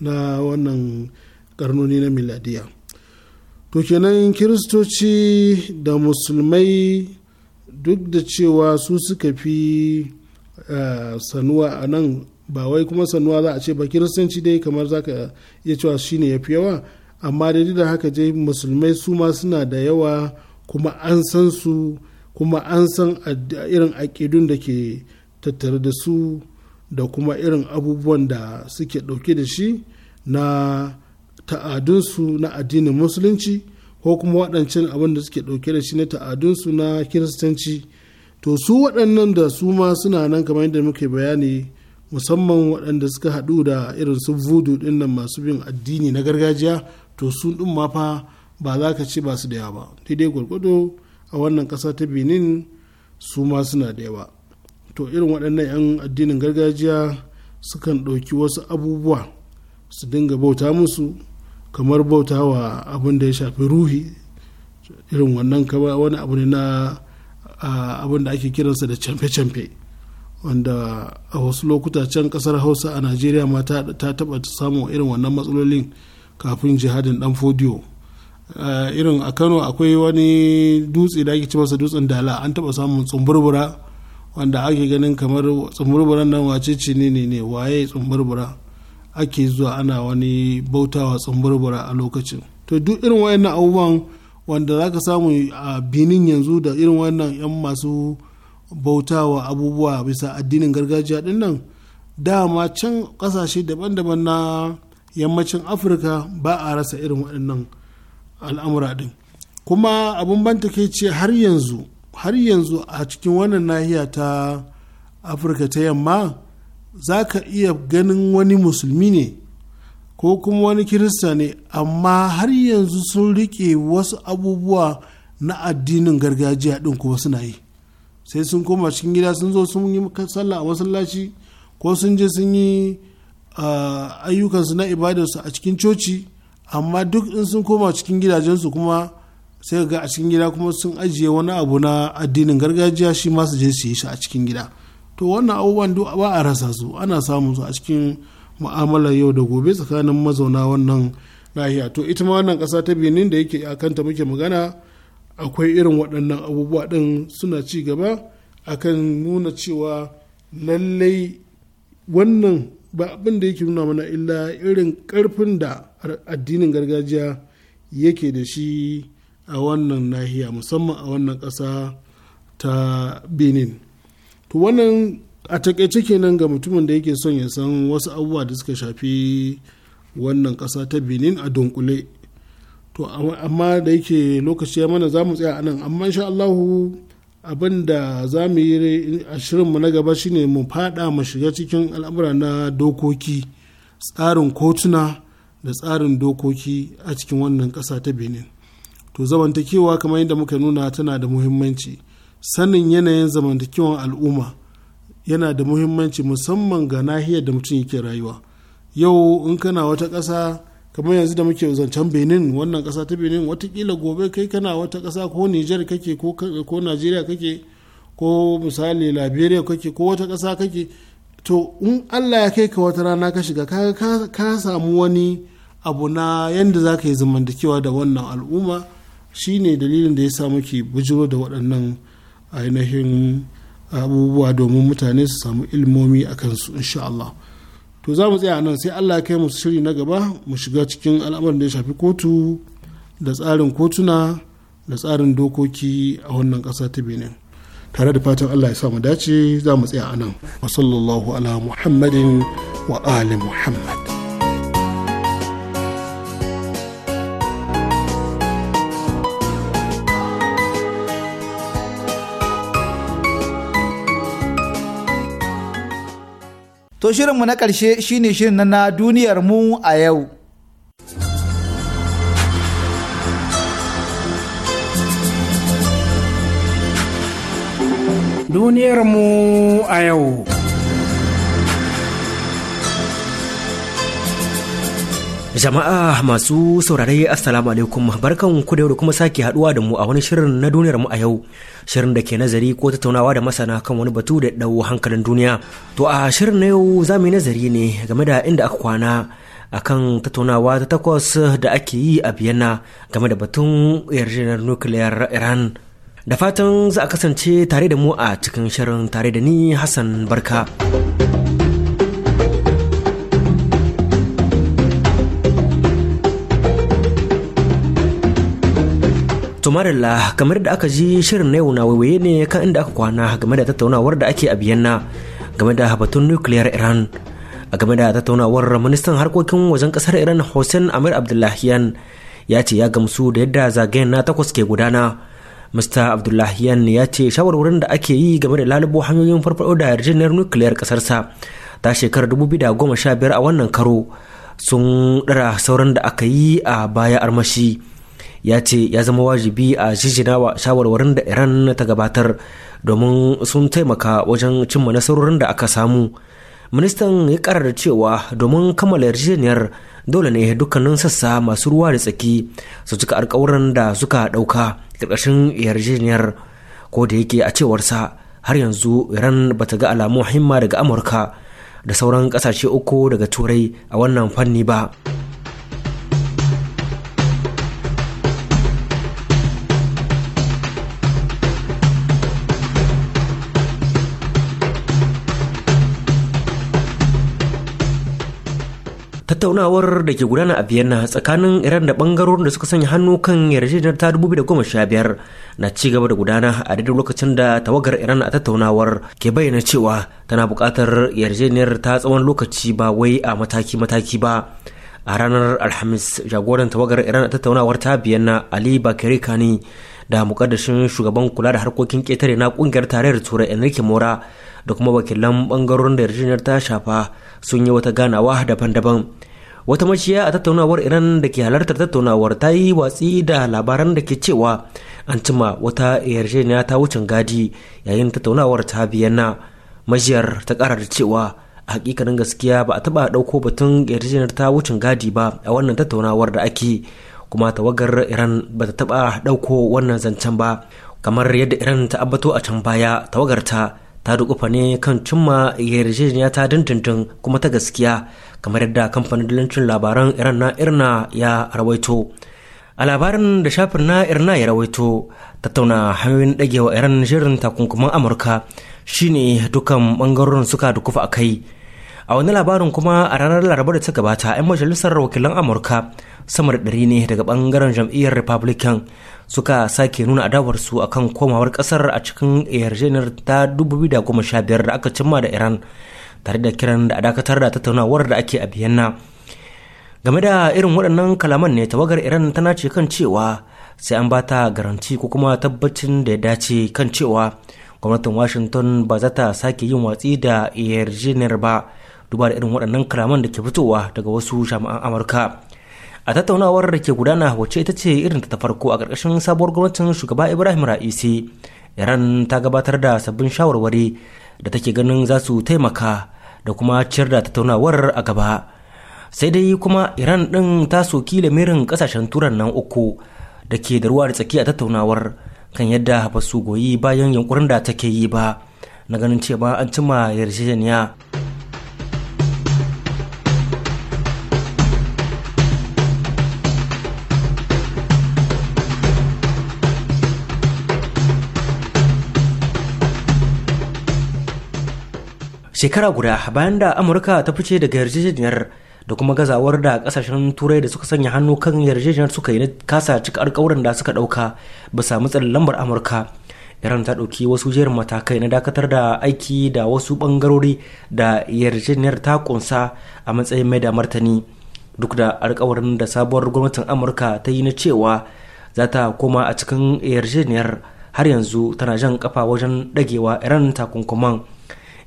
S10: na wannan karnoni na miladiya to kenan kiristoci da musulmai duk da cewa su suka fi eh, sanuwa a nan ba wai kuma sanuwa za a ce ba kiristanci dai kamar za ka iya cewa shine ya fi yawa amma daidai da haka je musulmai su ma suna da yawa kuma an san su kuma an san irin aƙidun da ke tattare da su da kuma irin abubuwan da suke ɗauke da shi na ta'adunsu na addinin musulunci ko kuma waɗancan abin da suke ɗauke da shi na ta'adunsu na kiristanci to su waɗannan da su ma suna nan kamar yadda muke bayani musamman waɗanda suka haɗu da irin su vudu ɗin nan masu bin addini na gargajiya to su ɗin ma fa ba za ka ce ba su da yawa ba daidai gwargwado a wannan ƙasa ta benin su ma suna da yawa to irin waɗannan 'yan addinin gargajiya sukan ɗauki wasu abubuwa su dinga bauta musu kamar bauta wa abin da ya shafi ruhi irin wannan kama wani abu ne na abin da ake kiransa da camfe-camfe wanda a wasu lokuta can kasar hausa a najeriya ma ta taɓa samun irin wannan matsalolin kafin jihadin dan fodiyo eh, irin a kano akwai wani dutse da ake ci masa dutsen dala an taba samun tsumburbura wanda ake ganin kamar tsumburburan nan wace ce ne ne waye tsumburbura ake zuwa ana wani bautawa tsumburbura a lokacin to duk irin wayannan abubuwan wanda za ka samu a binin yanzu da irin wannan 'yan masu bautawa abubuwa bisa addinin gargajiya din nan dama can kasashe daban-daban na yammacin afirka ba a rasa irin waɗannan al'amura ɗin kuma abin ban ce har yanzu har yanzu a cikin wannan nahiya ta afirka ta yamma za ka iya ganin wani musulmi ne ko kuma wani kirista ne amma har yanzu sun riƙe wasu abubuwa na addinin gargajiya ɗin kuma suna yi sai sun koma cikin gida sun zo sun yi sallah a masallaci ko sun je sun yi ayyukansu na ibadarsu a cikin coci amma duk in sun koma cikin gidajensu kuma sai ga a cikin gida kuma sun ajiye wani abu na addinin gargajiya shi ma su je su yi shi a cikin gida to wannan abubuwan duk ba a rasa su ana samun su a cikin mu'amalar yau da gobe tsakanin mazauna wannan nahiya to ita ma wannan ƙasa ta benin da yake a kanta muke magana akwai irin waɗannan abubuwa ɗin suna ci gaba akan nuna cewa lallai wannan ba abin da yake nuna mana illa irin karfin da addinin gargajiya yake da shi a wannan nahiya musamman a wannan ƙasa ta benin to wannan a takaice kenan ga mutumin da yake son ya san wasu abubuwa da suka shafi wannan ƙasa ta benin a dunkule to amma da yake lokaci ya mana za mu tsaya anan amma insha Allahu abin da za mu yi a shirinmu na gaba shine mu fada mu shiga cikin al'amura na dokoki tsarin kotuna da tsarin dokoki a cikin wannan ƙasa ta benin to zamantakewa kamar yadda muka nuna tana da muhimmanci sanin yanayin zamantakewan al'umma yana da muhimmanci musamman ga nahiyar da mutum yake rayuwa yau in kana wata ƙasa kamar yanzu da muke zancen benin wannan kasa ta benin watakila gobe kai kana wata kasa ko niger kake ko nigeria kake ko misali liberia kake ko wata kasa kake to in allah ya kai ka wata rana ka shiga ka samu wani abu na yadda za ka yi zamantakewa da wannan al'umma shine dalilin da ya sa muke bujiro da waɗannan ainihin abubuwa domin mutane su samu ilmomi a kansu insha Allah. to za mu tsaya nan sai allah kai musu shiri na gaba mu shiga cikin al'amarin da ya shafi kotu da tsarin kotuna da tsarin dokoki a wannan ƙasa ta benin tare da fatan allah ya sa mu dace za mu tsaya a nan wa ala muhammadin wa ali muhammad
S1: To shirinmu na ƙarshe shine shirin na duniyar mu a yau.
S4: Duniyar mu a yau. Jama'a masu saurare Assalamu alaikum barkan ku da kuma sake haduwa da mu a wani shirin na duniyar mu a yau shirin da ke nazari ko tattaunawa da masana kan wani batu da dau hankalin duniya to a shirin na yau za mu yi nazari ne game da inda aka kwana akan tattaunawa ta takwas da ake yi a Vienna game da batun yarjejeniyar nukiliyar Iran da fatan za a kasance tare da mu a cikin shirin tare da ni Hassan Barka. To marilla kamar da aka ji shirin na yau na waiwaye ne kan inda aka kwana game da tattaunawar da ake a Vienna game da batun nukiliyar Iran. A game da tattaunawar ministan harkokin wajen kasar Iran Hussein Amir Abdullahiyan ya ce ya gamsu da yadda zagayen na takwas ke gudana. Mr. Abdullahiyan ya ce shawarwarin da ake yi game da lalubo hanyoyin farfaɗo da yarjejeniyar nukiliyar kasarsa ta shekarar 2015 a wannan karo sun ɗara sauran da aka yi a baya armashi. ya ce ya zama wajibi a wa shawarwarin da iran ta gabatar domin sun taimaka wajen cimma nasarorin da aka samu ministan ya karar da cewa domin kammala yarjejeniyar dole ne dukkanin sassa masu ruwa da tsaki su cika alkawuran da suka dauka karkashin yarjejeniyar ko da yake a cewarsa har yanzu iran ta ga alamun himma daga amurka da sauran kasashe uku daga turai a wannan fanni ba. tattaunawar da ke gudana a vienna tsakanin iran da bangarorin da suka sanya hannu kan yarjejeniyar ta 2015 na ci gaba da gudana a daidai lokacin da tawagar iran a tattaunawar ke bayyana cewa tana bukatar yarjejeniyar ta tsawon lokaci ba wai a mataki-mataki ba a ranar alhamis jagoran tawagar iran a tattaunawar ta vienna ali bakari kani da mukaddashin shugaban kula da harkokin ketare na kungiyar tarayyar turai enrique mora da kuma wakilan bangarorin da yarjejeniyar ta shafa sun yi wata ganawa daban-daban wata maciya a tattaunawar iran da ke halartar tattaunawar ta yi watsi da labaran da ke cewa an cima wata yarjejeniya ta wucin gadi yayin tattaunawar ta na majiyar ta kara da cewa a hakikanin gaskiya ba a taba dauko batun yarjejeniyar ta wucin gadi ba a wannan tattaunawar da ake kuma tawagar iran ba ta taba dauko wannan zancen ba kamar yadda iran ta ambato a can baya tawagar ta ta dukufa ne kan cimma yarjejeniya ta dindindin kuma ta gaskiya kamar yadda kamfanin dalancin labaran iran na irna ya rawaito a labarin da shafin na irna ya rawaito tattauna hanyoyin dagewa iran shirin takunkuman amurka shine dukan bangarorin suka dukufa a kai a wani labarin kuma a ranar laraba da ta gabata 'yan majalisar wakilan amurka sama da ɗari ne daga ɓangaren jam'iyyar republican suka sake nuna adawarsu akan komawar ƙasar a cikin yarjejeniyar ta 2015 da aka cimma da iran tare da kiran da dakatar da tattaunawar da ake a biyanna game da irin waɗannan kalaman ne tawagar iran tana ce kan cewa sai an ba ta garanti ko kuma tabbacin da ya dace kan cewa gwamnatin washington ba za ta sake yin watsi da yarjejeniyar ba duba da irin waɗannan kalaman da ke fitowa daga wasu jami'an amurka a tattaunawar da ke gudana wacce ita ce irin ta farko a ƙarƙashin sabuwar gwamnatin shugaba ibrahim ra'isi iran ta gabatar da sabbin shawarwari da take ganin za su taimaka da kuma ciyar da tattaunawar a gaba sai dai kuma iran ɗin ta soki lamirin ƙasashen turan nan uku da ke da ruwa da tsaki a tattaunawar kan yadda ba su goyi bayan yankurin da take yi ba na ganin cewa an cimma yarjejeniya shekara guda bayan da amurka ta fice daga yarjejeniyar da kuma gazawar da kasashen turai da suka sanya hannu kan yarjejeniyar suka yi na kasa cika alkawuran da suka dauka bisa matsalar lambar amurka iran ta ɗauki wasu jerin matakai na dakatar da aiki da wasu bangarori da yarjejeniyar ta kunsa a matsayin mai da martani duk da alkawarin da sabuwar gwamnatin amurka ta yi na cewa za ta koma a cikin yarjejeniyar har yanzu tana jan kafa wajen dagewa iran takunkuman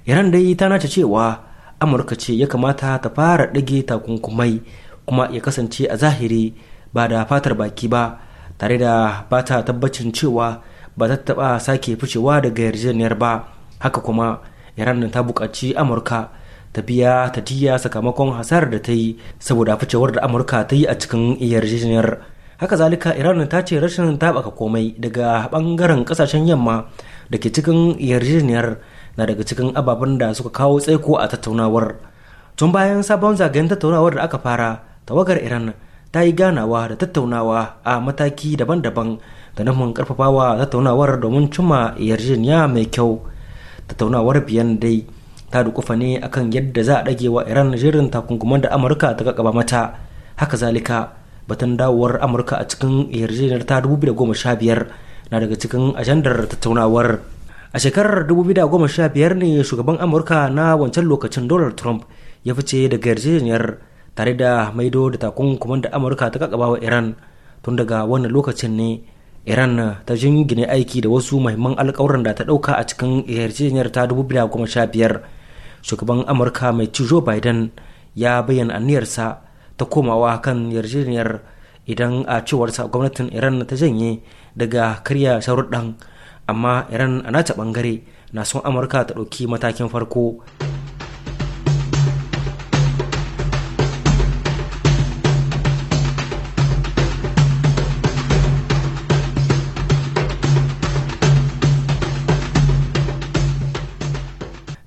S4: iran dai ta nace cewa amurka ce ya kamata ta fara ɗage takunkumai kuma ya kasance a zahiri ba da fatar baki ba tare da ba ta tabbacin cewa ba ta taɓa sake ficewa daga yarjejeniyar ba haka kuma iran ta buƙaci amurka ta biya ta jiya sakamakon hasar da ta yi saboda ficewar da amurka ta yi a cikin yarjejeniyar haka zalika iran ta ce rashin taɓaka komai daga ɓangaren ƙasashen yamma da ke cikin yarjejeniyar na daga cikin ababen da suka kawo tsaiko a tattaunawar tun bayan sabon zagayen tattaunawar da aka fara tawagar iran ta yi ganawa da tattaunawa a mataki daban-daban da nufin karfafawa tattaunawar domin cimma yarjejeniya mai kyau tattaunawar biyan dai ta dukufa ne akan yadda za a dage wa iran jirin takunkuman da amurka ta kakaba mata haka zalika batun dawowar amurka a cikin yarjejeniyar ta biyar na daga cikin ajandar tattaunawar a shekarar 2015 ne shugaban amurka na wancan lokacin donald trump ya fice daga yarjejeniyar tare da maido da takunkuman da amurka ta kakaba wa iran tun daga wannan lokacin ne iran ta jingine aiki da wasu mahimman alkawuran da ta dauka a cikin yarjejeniyar ta 2015 shugaban amurka mai ci joe biden ya bayyana aniyarsa ta komawa kan yarjejeniyar idan a cewarsa gwamnatin iran ta janye daga karya sharuɗan amma iran a nata bangare na son amurka ta ɗauki matakin farko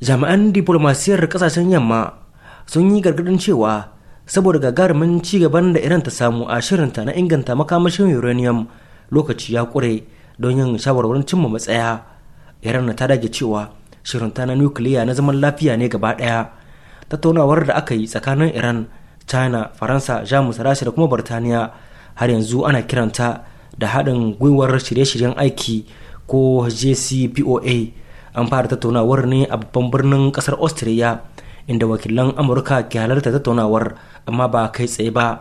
S4: jami'an diplomasiyar kasashen yamma sun yi gargadin cewa saboda gagarumin cigaban da iran ta samu a shirinta na inganta makamashin uranium lokaci ya kure don yin shawarwarin cimma matsaya iran ta dage cewa shirinta na nukiliya na zaman lafiya ne gaba ɗaya tattaunawar da aka yi tsakanin iran china faransa jamus rasha da kuma birtaniya har yanzu ana kiranta da haɗin gwiwar shirye-shiryen aiki ko jcpoa an fara tattaunawar ne a babban birnin ƙasar austria inda wakilan amurka ke halarta tattaunawar amma ba kai tsaye ba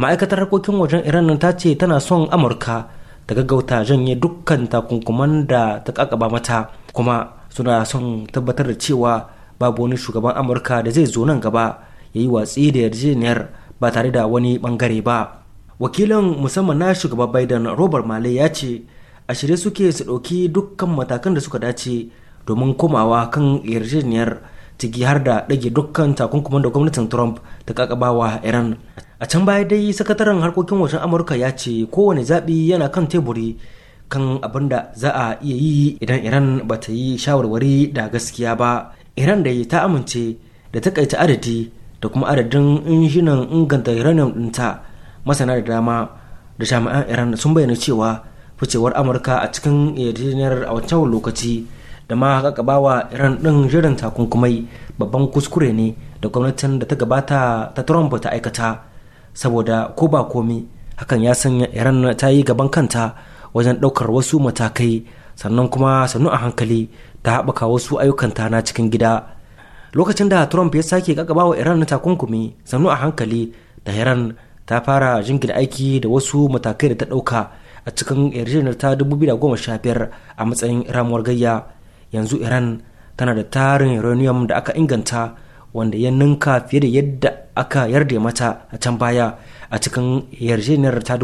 S4: ma'aikatar harkokin wajen iran ta ce tana son amurka ta gaggauta janye dukkan takunkuman da ta kakaba mata kuma suna son tabbatar da cewa babu wani shugaban amurka da zai zo nan gaba ya yi watsi da yarjejeniyar ba tare da wani bangare ba wakilin musamman na shugaba biden robert male ya ce a shirye suke su ɗauki dukkan matakan da suka dace domin komawa kan yarjejeniyar ciki har da ɗage dukkan takunkuman da gwamnatin trump ta kakabawa iran a can baya dai sakataren harkokin wajen amurka ya ce kowane zaɓi yana kan teburi kan abin da za a iya yi idan iran ba ta yi shawarwari da gaskiya ba iran da ta amince da takaita adadi da kuma adadin injinan inganta uranium ɗinta masana da dama da jami'an iran sun bayyana cewa ficewar amurka a cikin yarjejeniyar a wancan lokaci da ma bawa iran ɗin jirin takunkumai babban kuskure ne da gwamnatin da ta gabata ta trump ta aikata saboda ko ba komi hakan ya sanya iran ta yi gaban kanta wajen ɗaukar wasu matakai sannan kuma sannu a hankali ta haɓaka wasu ayyukanta na cikin gida lokacin da trump ya sake gagaba iran na takunkumi sannu a hankali da iran ta fara jingina aiki da wasu matakai da ta ɗauka a cikin yarjejeniyar ta 2015 a matsayin ramuwar gayya yanzu iran tana da tarin uranium da aka inganta wanda ya ninka fiye da yadda aka yarda mata a can baya a cikin yarjejeniyar ta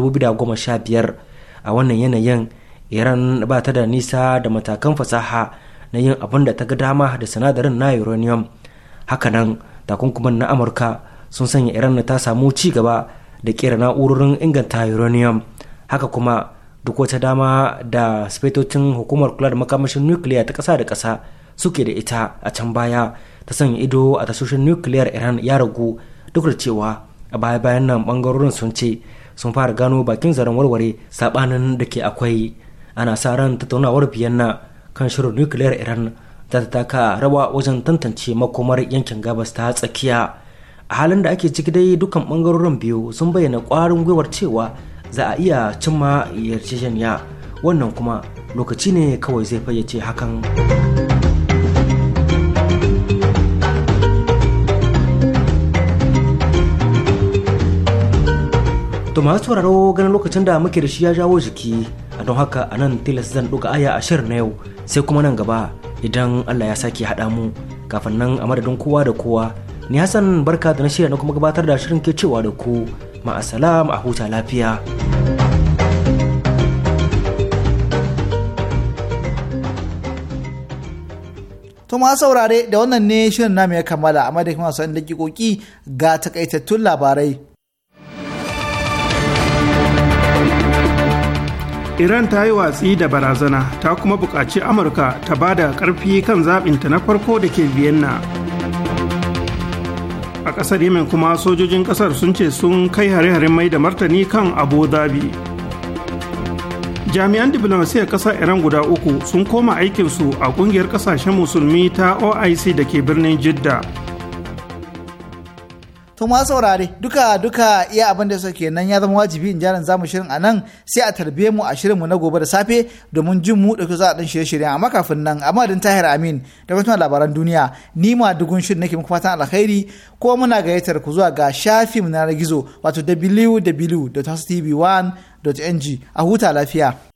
S4: sha biyar a wannan yanayin iran ba ta da nisa da matakan fasaha na yin abin da ta ga dama da sinadarin na uranium hakanan takunkuman na amurka sun sanya iran ta samu ci gaba da kera na'urorin inganta uranium haka kuma duk wata dama da sifetocin hukumar kula da makamashin nukiliya ta kasa da ƙasa suke da ita a can baya ta sanya ido a tasoshin nukiliyar iran ya ragu duk da cewa a baya bayan nan bangarorin sun ce sun fara gano bakin zaren warware sabanin da ke akwai ana sa ran tattaunawar biyanna kan shirin nukiliyar iran za ta taka rawa wajen tantance makomar yankin gabas ta tsakiya a halin da ake ciki dai dukkan bangarorin biyu sun bayyana kwarin gwiwar cewa za a iya cimma yarjejeniya wannan kuma lokaci ne kawai zai fayyace hakan to masu sauraro ganin lokacin da muke da shi ya jawo jiki a don haka a nan tilas zan ɗuga aya a shirin na yau sai kuma nan gaba idan allah ya sake haɗa mu kafin nan a madadin kowa da kowa ni hassan barka da na shirya na kuma gabatar da shirin ke cewa da ku ma'asalam a huta lafiya.
S1: To ma saurare da wannan ne shirin namu ya kammala amma da kuma sa'in dakikoki ga takaitattun labarai.
S3: Iran ta yi watsi da barazana ta kuma buƙaci Amurka ta ba da ƙarfi kan zaɓinta na farko da ke Vienna. a ƙasar yemen kuma sojojin ƙasar sun ce sun kai hare-haren mai da martani kan abu dhabi jami'an diplomasiyar ƙasa iran guda uku sun koma aikinsu a ƙungiyar ƙasashen musulmi ta oic da ke birnin jidda
S1: to ma saurare duka duka iya abin da suke nan ya zama wajibi in jaran zamu shirin a nan sai a tarbiye mu a shirin mu na gobe da safe domin jin mu da za a dan shirye-shirye amma kafin nan a madadin Tahir Amin da kuma labaran duniya ni ma dugun shirin nake muku fatan alkhairi ko muna gayyatar ku zuwa ga shafin na gizo wato www.tv1.ng a huta lafiya.